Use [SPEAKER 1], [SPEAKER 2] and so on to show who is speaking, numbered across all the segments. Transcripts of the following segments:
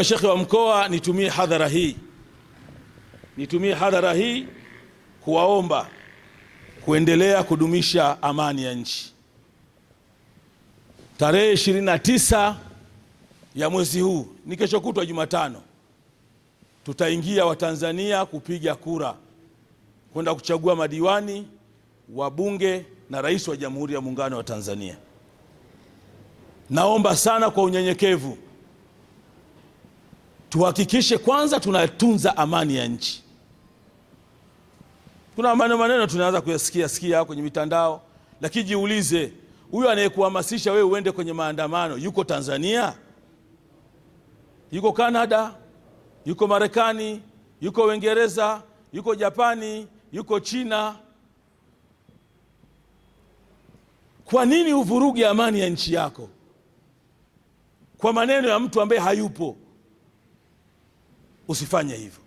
[SPEAKER 1] hapa shekhe wa mkoa, nitumie hadhara hii nitumie hadhara hii kuwaomba kuendelea kudumisha amani ya nchi. Tarehe 29 ya mwezi huu ni kesho kutwa Jumatano, tutaingia Watanzania kupiga kura kwenda kuchagua madiwani, wabunge na rais wa Jamhuri ya Muungano wa Tanzania. Naomba sana kwa unyenyekevu tuhakikishe kwanza tunatunza amani ya nchi. Kuna maneno maneno tunaanza kuyasikia sikia kwenye mitandao, lakini jiulize, huyo anayekuhamasisha wewe uende kwenye maandamano yuko Tanzania, yuko Kanada, yuko Marekani, yuko Uingereza, yuko Japani, yuko China? Kwa nini uvuruge amani ya nchi yako kwa maneno ya mtu ambaye hayupo? usifanye hivyo.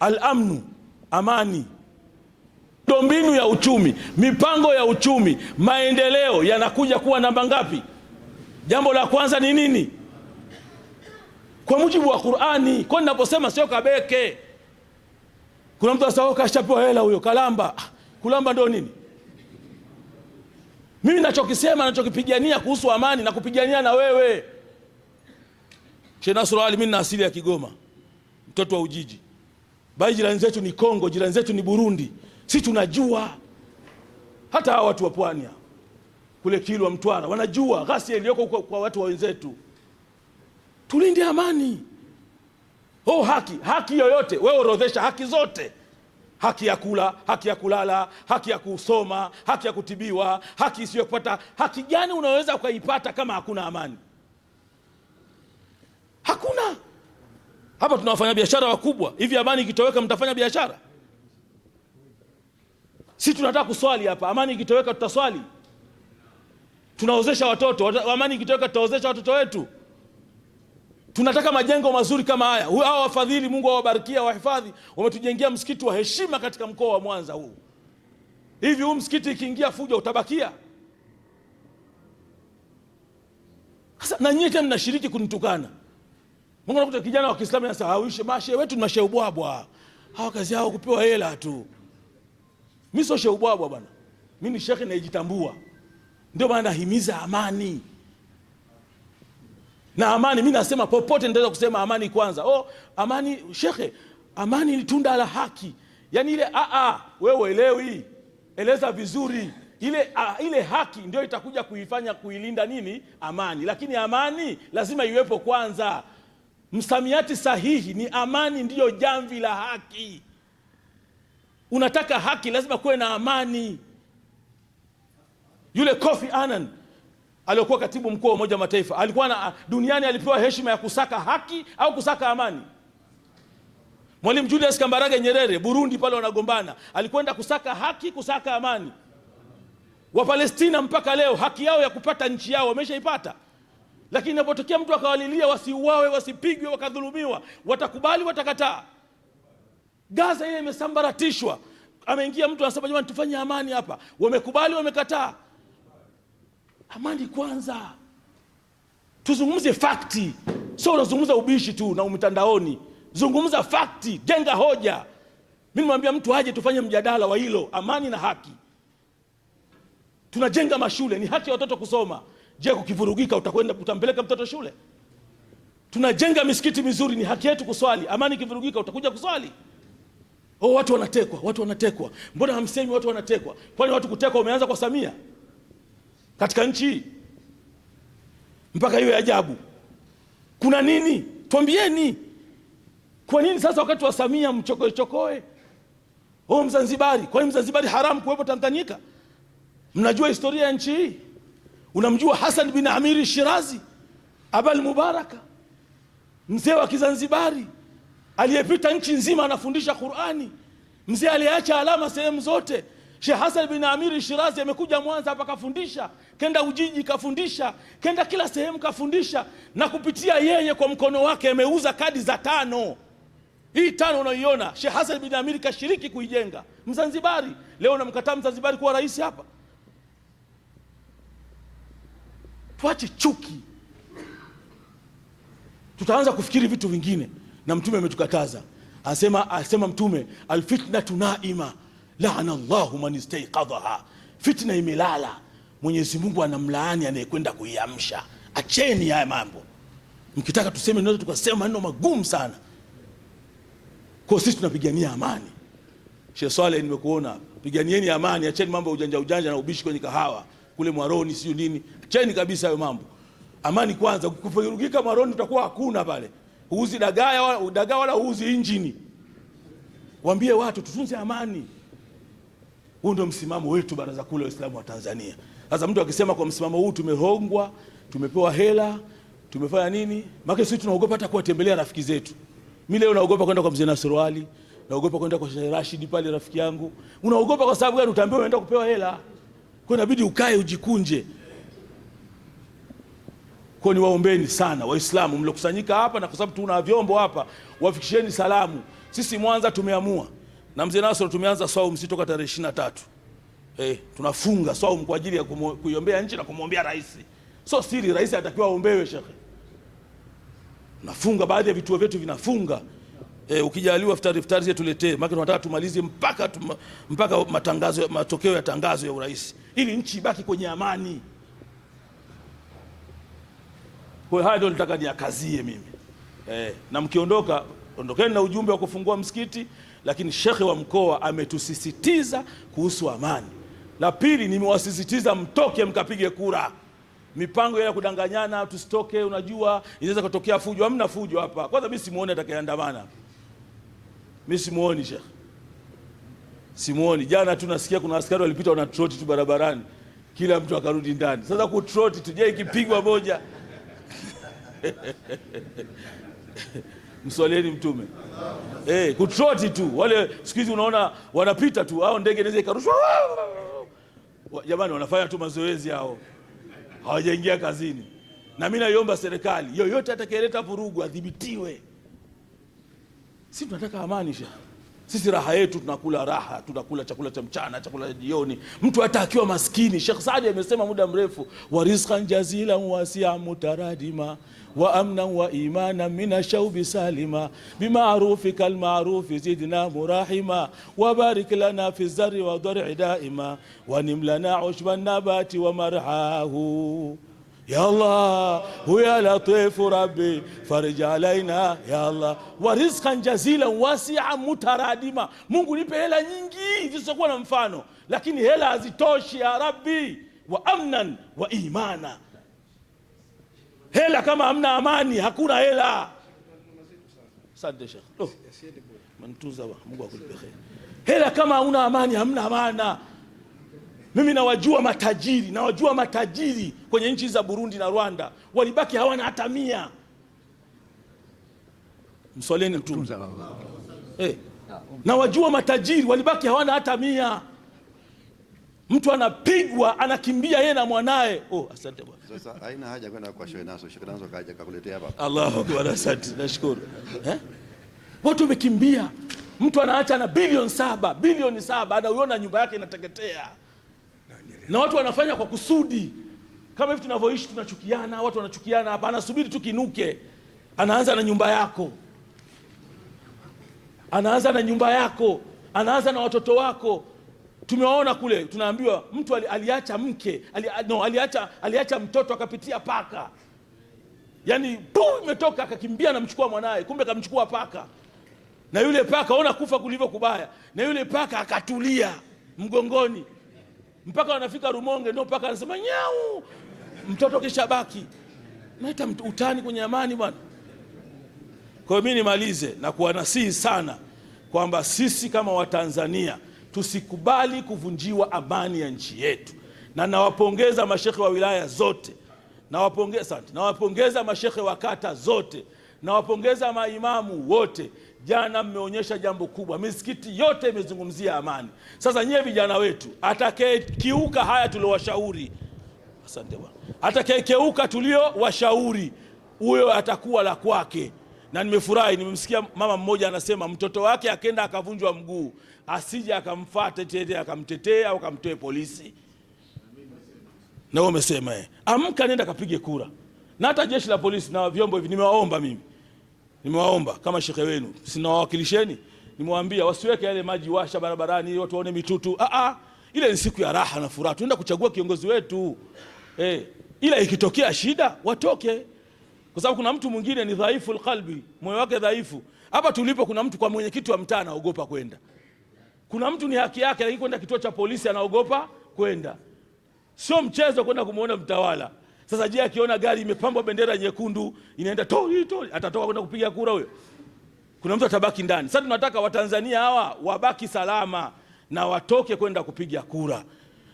[SPEAKER 1] Al-amnu, amani, miundombinu ya uchumi, mipango ya uchumi, maendeleo yanakuja kuwa namba ngapi? Jambo la kwanza ni nini? Kwa mujibu wa Qur'ani, kwa ninaposema sio kabeke. Kuna mtu asao oh, kashapewa hela huyo kalamba. Ah, kulamba ndio nini? Mimi nachokisema nachokipigania kuhusu amani na kupigania na wewe. Sheikh Nasrul Ali, mimi na asili ya Kigoma mtoto wa Ujiji, bali jirani zetu ni Kongo, jirani zetu ni Burundi. Si tunajua hata hawa watu wa pwani kule Kilwa, Mtwara, wanajua ghasia iliyoko kwa, kwa watu wa wenzetu. Tulinde amani. Oh, haki haki yoyote wewe, orodhesha haki zote haki ya kula, haki ya kulala, haki ya kusoma, haki ya kutibiwa, haki isiyo kupata. Haki gani unaweza ukaipata kama hakuna amani? Hakuna. Hapa tuna wafanyabiashara wakubwa hivi, amani ikitoweka mtafanya biashara? Si tunataka kuswali hapa, amani ikitoweka tutaswali? Tunaozesha watoto, amani ikitoweka tutaozesha watoto wetu? Tunataka majengo mazuri kama haya. Hao wafadhili, Mungu awabarikia, wahifadhi, wametujengea msikiti wa heshima katika mkoa wa Mwanza huu. Hivi huu msikiti ikiingia fujo utabakia? Sasa na nyinyi tena mnashiriki kunitukana. Mungu anakuta kijana wa Kiislamu na anasahawisha mashe wetu ni mashe ubwabwa. Hawa kazi yao kupewa hela tu. Mimi sio shehe ubwabwa bwana. Mimi ni shekhe najitambua. Ndio maana nahimiza amani. Na amani mimi nasema popote nitaweza kusema amani kwanza. Oh, amani shekhe, amani ni tunda la haki. Yaani ile a ah, a ah, wewe uelewi. Eleza vizuri. Ile, a, ah, ile haki ndio itakuja kuifanya kuilinda nini amani, lakini amani lazima iwepo kwanza. Msamiati sahihi ni amani ndiyo jamvi la haki. Unataka haki, lazima kuwe na amani. Yule Kofi Annan aliyokuwa katibu mkuu wa Umoja wa Mataifa alikuwa na duniani, alipewa heshima ya kusaka haki au kusaka amani. Mwalimu Julius Kambarage Nyerere, Burundi pale wanagombana, alikwenda kusaka haki, kusaka amani. Wapalestina mpaka leo haki yao ya kupata nchi yao wameshaipata. Lakini inapotokea mtu akawalilia wasiuawe, wasipigwe, wakadhulumiwa, watakubali? Watakataa? Gaza ile imesambaratishwa, ameingia mtu anasema jamani, tufanye amani hapa. Wamekubali? Wamekataa? Amani kwanza, tuzungumze fakti, sio unazungumza ubishi tu na mitandaoni. Zungumza fakti, jenga hoja. Mi nimwambia mtu aje tufanye mjadala wa hilo, amani na haki. Tunajenga mashule, ni haki ya watoto kusoma. Je, kukivurugika utakwenda utampeleka mtoto shule? Tunajenga misikiti mizuri, ni haki yetu kuswali. Amani ikivurugika utakuja kuswali? Oh, watu wanatekwa, watu wanatekwa. Mbona hamsemi watu wanatekwa? Kwani watu kutekwa umeanza kwa Samia katika nchi hii mpaka iwe ajabu? Kuna nini? Twambieni kwa nini sasa wakati wa Samia mchokoe chokoe? Oh, Mzanzibari, kwani Mzanzibari haramu kuwepo Tanganyika? Mnajua historia ya nchi hii? Unamjua Hassan bin Amiri Shirazi Abal Mubaraka, mzee wa Kizanzibari aliyepita nchi nzima anafundisha Qur'ani, mzee aliyeacha alama sehemu zote. Sheikh Hassan bin Amiri Shirazi amekuja Mwanza hapa kafundisha, kenda Ujiji kafundisha, kenda kila sehemu kafundisha, na kupitia yeye kwa mkono wake ameuza kadi za tano. Hii tano unaiona Sheikh Hassan bin Amiri kashiriki kuijenga, Mzanzibari. Leo namkataa Mzanzibari kuwa rais hapa? tuache chuki, tutaanza kufikiri vitu vingine, na mtume ametukataza. Asema, asema mtume alfitnatu naima laana llahu man istaiqadhaha, fitna imelala, Mwenyezi Mungu anamlaani anayekwenda kuiamsha. Acheni haya mambo, mkitaka tuseme naweza tukasema maneno magumu sana. Kwa sisi tunapigania amani. Sheikh Swaleh, nimekuona, piganieni amani, acheni mambo ya ujanja ujanja na ubishi kwenye kahawa kule Mwaroni siyo nini. Cheni kabisa hayo mambo. Amani kwanza, kufurugika Mwaroni utakuwa hakuna pale. Huuzi dagaa wala dagaa wala huuzi injini. Waambie watu tutunze amani. Huu ndio msimamo wetu Baraza Kuu la Waislamu wa Tanzania. Sasa mtu akisema kwa msimamo huu tumehongwa, tumepewa hela, tumefanya nini? Maana sisi tunaogopa hata kuwatembelea rafiki zetu. Mimi leo naogopa kwenda kwa mzee Nasr Ali, naogopa kwenda kwa Sheikh Rashid pale rafiki yangu. Unaogopa kwa sababu gani? Utaambiwa unaenda kupewa hela kwa inabidi ukae ujikunje. Kwa ni waombeni sana Waislamu mliokusanyika hapa, na kwa sababu tuna vyombo hapa, wafikisheni salamu. Sisi Mwanza tumeamua na mzee Nasoro tumeanza saumu sisi toka tarehe ishirini na tatu. Eh, tunafunga saumu kwa ajili ya kuiombea nchi na kumwombea rais. So siri rais atakiwa aombewe shekhe. Nafunga baadhi ya vituo vyetu vinafunga E, ukijaliwa futari futari zetu tuletee, maana tunataka tumalize mpaka tuma, mpaka matangazo matokeo ya tangazo ya urais ili nchi ibaki kwenye amani. Kwa hiyo ndio nitaka niakazie mimi e, na mkiondoka ondokeni na ujumbe wa kufungua msikiti, lakini shekhe wa mkoa ametusisitiza kuhusu amani. La pili, nimewasisitiza mtoke mkapige kura. Mipango ya kudanganyana, tusitoke, unajua inaweza kutokea fujo. Hamna fujo hapa. Kwanza mimi simuone atakayeandamana mimi simuoni Sheikh, simuoni. Jana tu nasikia kuna askari walipita wanatroti tu barabarani, kila mtu akarudi ndani. Sasa kutroti tu, je, ikipigwa moja mswalieni Mtume eh, kutroti tu. Wale siku hizi unaona wanapita tu, hao ndege inaweza ikarushwa. Jamani, wanafanya tu mazoezi hao, hawajaingia kazini. Na mimi naiomba serikali yoyote atakayeleta vurugu adhibitiwe si tunataka amani sha. Sisi raha yetu tunakula raha, tunakula chakula cha mchana, chakula cha jioni. Mtu hata akiwa maskini, Sheikh Saadi amesema muda mrefu, wa rizqan jazilan wa siya mutaradima wa amna wa imana mina shaubi salima bimaarufi kal ma'rufi zidna murahima wa barik lana fi zari wa dar'i daima wa nimlana ushban nabati wa marhahu ya Allah huya latifu rabbi farij alaina ya Allah wa rizqan jazilan wasia mutaradima, Mungu nipe hela nyingi zisizokuwa na mfano, lakini hela hazitoshi ya Rabbi, wa amnan wa imana. Hela kama hamna amani hakuna hela. Asante Sheikh, oh, mantuza wa Mungu akulipe heri. Hela kama huna amani hamna amana mimi nawajua matajiri, nawajua matajiri kwenye nchi za Burundi na Rwanda, walibaki hawana hata mia. Msoleni Mtume. Hey, eh. nawajua matajiri walibaki hawana hata mia. Mtu anapigwa anakimbia yeye na mwanaye. Oh, asante bwana.
[SPEAKER 2] Sasa haina haja kwenda kwa shule naso, shule naso kaja kakuletea hapa.
[SPEAKER 1] Allahu akbar, asante, nashukuru. Eh? Watu wamekimbia. Mtu anaacha na bilioni saba, bilioni saba, anauona nyumba yake inateketea na watu wanafanya kwa kusudi. Kama hivi tunavyoishi, tunachukiana, watu wanachukiana hapa, anasubiri tu kinuke, anaanza na nyumba yako, anaanza na nyumba yako, anaanza na watoto wako. Tumewaona kule, tunaambiwa mtu ali, aliacha mke ali, no, aliacha, aliacha mtoto akapitia paka, yaani pu imetoka akakimbia, anamchukua mwanaye, kumbe akamchukua paka na yule paka ona kufa kulivyo kubaya, na yule paka akatulia mgongoni mpaka wanafika Rumonge ndio mpaka anasema nyau, mtoto kisha baki naita utani kwenye amani bwana. Kwa hiyo mimi nimalize na kuwanasihi sana kwamba sisi kama Watanzania tusikubali kuvunjiwa amani ya nchi yetu, na nawapongeza mashekhe wa wilaya zote, nawapongeza nawapongeza mashekhe wa kata zote, nawapongeza maimamu wote. Jana mmeonyesha jambo kubwa, misikiti yote imezungumzia amani. Sasa nyie vijana wetu, atakayekiuka haya tuliowashauri, asante Bwana, atakayekeuka washauri, huyo atakuwa la kwake. Na nimefurahi nimemsikia mama mmoja anasema mtoto wake akenda akavunjwa mguu, asije akamfuata tete akamtetee au akamtoe polisi. Na wewe umesema eh, amka nenda kapige kura, na hata jeshi la polisi na vyombo hivi nimewaomba mimi Nimewaomba kama shehe wenu, sinawawakilisheni, nimewaambia wasiweke yale maji washa barabarani watu waone mitutu. Ah, ah, ile ni siku ya raha na furaha, tunaenda kuchagua kiongozi wetu eh, ila ikitokea shida watoke, kwa sababu kuna mtu mwingine ni dhaifu alqalbi, moyo wake dhaifu. Hapa tulipo kuna mtu kwa mwenyekiti wa mtaa anaogopa kwenda, kuna mtu ni haki yake, lakini kwenda kituo cha polisi anaogopa kwenda. Sio mchezo kwenda kumuona mtawala. Sasa je, akiona gari imepambwa bendera nyekundu inaenda tori tori, atatoka kwenda kupiga kura huyo? Kuna mtu atabaki ndani. Sasa tunataka Watanzania hawa wabaki salama na watoke kwenda kupiga kura,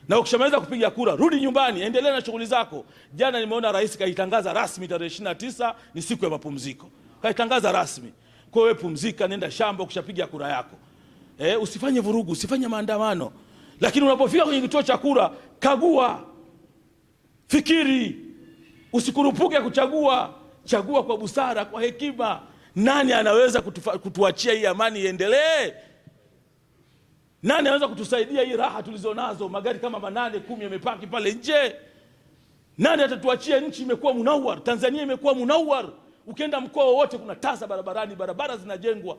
[SPEAKER 1] na ukishamaliza kupiga kura rudi nyumbani, endelea na shughuli zako. Jana nimeona rais kaitangaza rasmi tarehe 29 ni siku ya mapumziko, kaitangaza rasmi. Kwa hiyo pumzika, nenda shamba, ukishapiga kura yako eh, usifanye vurugu, usifanye maandamano, lakini unapofika kwenye kituo cha kura kagua, fikiri Usikurupuke kuchagua, chagua kwa busara, kwa hekima. Nani anaweza kutufa, kutuachia hii amani iendelee? Nani anaweza kutusaidia hii raha tulizonazo? Magari kama manane kumi yamepaki pale nje. Nani atatuachia? Nchi imekuwa munawar, Tanzania imekuwa munawar. Ukienda mkoa wowote kuna taza barabarani, barabara zinajengwa.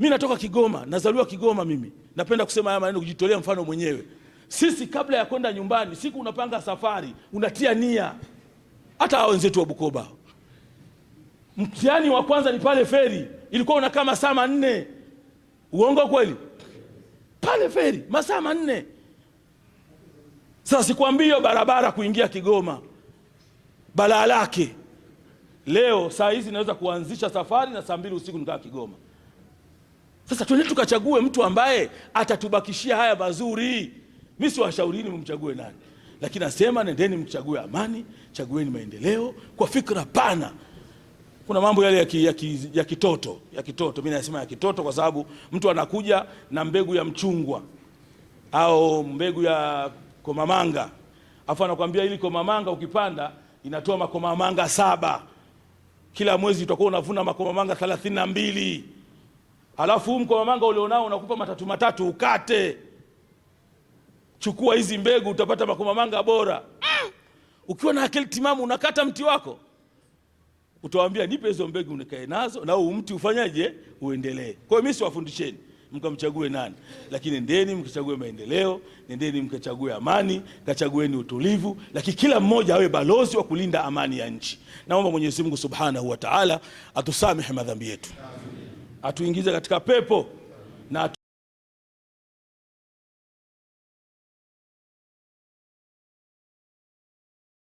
[SPEAKER 1] Mimi natoka Kigoma, nazaliwa Kigoma. Mimi napenda kusema haya maneno, kujitolea mfano mwenyewe. Sisi kabla ya kwenda nyumbani, siku unapanga safari, unatia nia hata hao wenzetu wa Bukoba. Mtihani wa kwanza ni pale feri, ilikuwa unakaa masaa manne. Uongo kweli? Pale feri masaa manne. Sasa sikwambio barabara kuingia Kigoma balaa lake. Leo saa hizi naweza kuanzisha safari na saa mbili usiku nikaa Kigoma. Sasa tuende tukachague mtu ambaye atatubakishia haya mazuri. Mimi siwashaurini mumchague nani lakini nasema nendeni mchague amani, chagueni maendeleo kwa fikra pana. Kuna mambo yale ya, ki, ya, ki, ya kitoto ya kitoto, mimi nasema ya kitoto kwa sababu mtu anakuja na mbegu ya mchungwa au mbegu ya komamanga, afu anakuambia ili komamanga ukipanda inatoa makomamanga saba, kila mwezi utakuwa unavuna makomamanga thelathini na mbili, alafu huu mkomamanga ulionao unakupa matatu matatu ukate chukua hizi mbegu utapata makomamanga bora. Ukiwa na akili timamu unakata mti wako, utawaambia nipe hizo mbegu nikae nazo na huu mti ufanyaje uendelee. Kwa hiyo mimi siwafundisheni mkamchague nani, lakini ndeni mkachague maendeleo, nendeni mkachague amani, kachagueni utulivu, lakini kila mmoja awe balozi wa kulinda amani ya nchi. Naomba Mwenyezi Mungu Subhanahu wa Ta'ala atusamehe madhambi yetu, atuingize katika pepo na